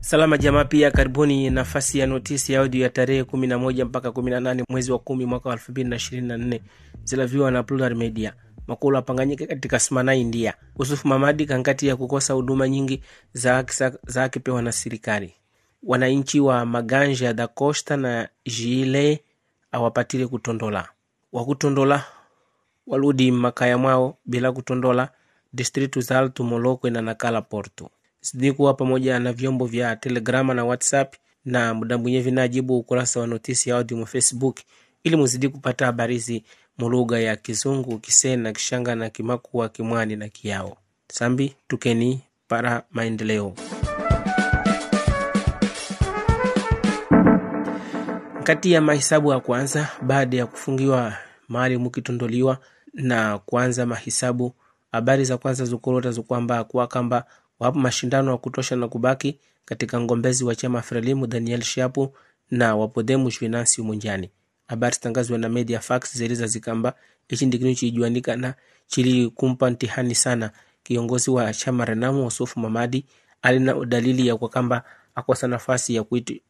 Salama jamaa, pia karibuni nafasi ya notisi ya audio ya tarehe 11 mpaka 18 mwezi wa 10 mwaka 2024, zilaviwa na Plural Media. makulu apanganyike katika smana India. Yusufu Mamadi kankati ya kukosa huduma nyingi za haki za haki pewa na serikali. Wananchi wa Maganja da Costa na Jile awapatile kutondola wakutondola waludi makaya mwao bila kutondola distritu za Alto Molokwe na Nakala Porto Sidikuwa pamoja na vyombo vya Telegrama na WhatsApp na muda mwenyewe vinajibu ukurasa wa notisi ya audio wa Facebook ili muzidi kupata habari hizi mulugha ya Kizungu, Kisena, Kishanga na Kimakua, Kimwani na Kiao. Sambi tukeni para maendeleo. Kati ya mahesabu ya kwanza baada ya kufungiwa mali mukitondoliwa na kuanza mahesabu, habari za kwanza zukorota zukwamba kamba wapo mashindano ya kutosha na kubaki katika ngombezi wa chama Frelimu Daniel Shapu na Wapodhemu Venancio Munjani. Habari zitangazwa na media fax ziliza zikamba ichi ndi kinu chijuanika na chili kumpa ntihani sana kiongozi wa chama Renamu Usufu Mamadi alina dalili ya kwa kamba akosa nafasi ya,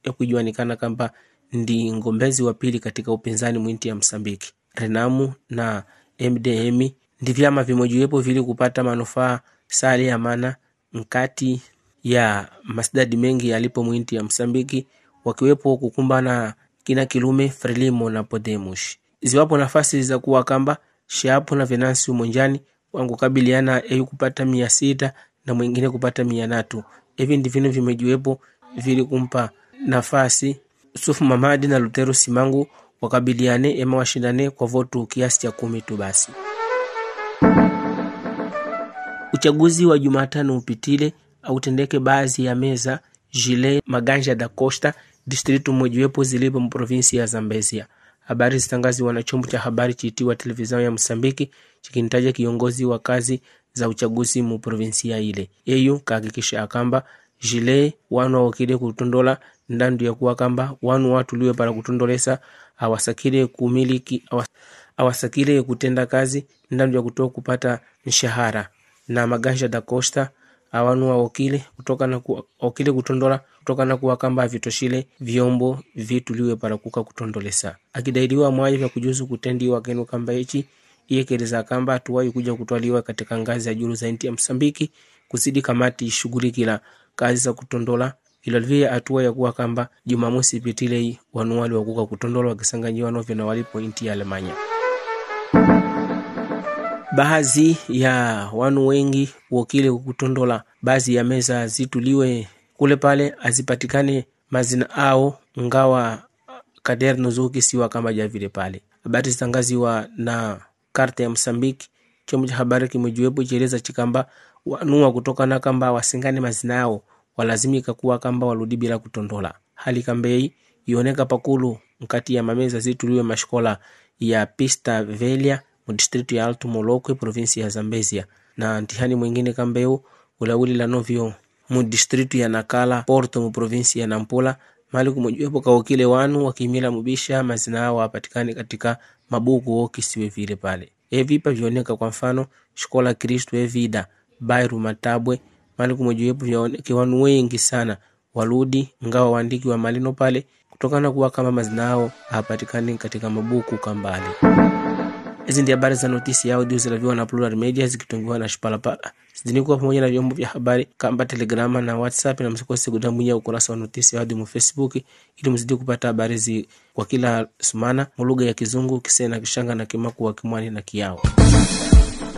ya kujuanikana kamba ndi ngombezi wa pili katika upinzani mwinti ya Msambiki. Renamu na MDM ndi vyama vimojiwepo vili kupata manufaa sali ya mana mkati ya masdadi mengi yalipo mwinti ya Msambiki wakiwepo kukumbana kina Kilume, Frelimo na Podemos. Ziwapo nafasi za kuwa kamba Shapo na Venansi Umonjani kabiliana yeye kupata mia sita na mwingine kupata mia natu. Hivi ndivyo vimejiwepo vili kumpa nafasi Sufu Mamadi na Lutero Simangu wakabiliane ema washindane kwa votu kiasi cha kumi tu basi. Uchaguzi wa Jumatano upitile autendeke baadhi ya meza jile Maganja da Costa distritu mojawapo zilipo mprovinsi ya Zambezia. Habari zitangaziwa na chombo cha habari chiitiwa televizao ya Msambiki chikintaja kiongozi wa kazi za uchaguzi mu provinsia ile eyu kahakikisha akamba jile wanu awakile kutondola ndandu ya kuwa kamba wanu watu liwe para kutondolesa awasakile kumiliki awas, awasakile kutenda kazi ndandu ya kutoa kupata mshahara na Maganja da Costa awanua okile kutondola kutokana kuwa kamba vitoshile vyombo vituliwe kuka kutondolesa akidaidiwa mwayi vya kujuzu kutendiwa kenu kamba hichi ichi kereza kamba tuwai kuja kutwaliwa katika ngazi ya juru za nti ya Msambiki kusidi kamati shughuli kila kazi za kutondola ilolivia atua ya kuwa kamba Jumamosi pitilei wanuwali wakuka kutondola wakisanganyiwa novyo na walipo inti ya Alemanya baadhi ya wanu wengi wokile kutondola baadhi ya meza zituliwe kule pale azipatikane mazina ao ngawa kader nozuki siwa kama javile pale habari zitangaziwa na karta ya msambiki chombo cha habari kimejiwepo chieleza chikamba wanua kutoka na kamba wasingane mazina ao walazimika kuwa kamba waludi bila kutondola hali kambei ioneka pakulu mkati ya mameza zituliwe mashkola ya pista velia mu mdistritu ya Alto Molokwe provinsi ya Zambezia, na ntihani mwingine kambeu ulawili la novio mu mudistritu ya Nakala Porto mu provinsi ya Nampula mali kumwejepo kawokile wanu wakimila mubisha mazina yao apatikane katika mabuku okisiwe vile pale evipa vioneka kwa mfano shikola Kristo evida Bairu Matabwe mali kumwejepo vioneka wanu wengi sana waludi ngawa waandiki wa malino pale kutokana kuwa kama mazina yao hapatikani katika mabuku kambali. Hizi ndio habari za notisi ya audio zinavyowa na Plural Media zikitungiwa na Shipalapala. Sidini kuwa pamoja na vyombo vya habari kama Telegrama na WhatsApp, na msikose kutambwinya ukurasa wa notisi ya audio mu Facebook ili mzidi kupata habari zi kwa kila sumana mu lugha ya Kizungu, Kisena, Kishanga na Kimakuwa, Kimwani na Kiao.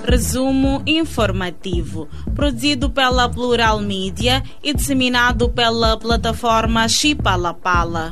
Resumo informativo, produzido pela Plural Media e disseminado pela plataforma Chipalapala.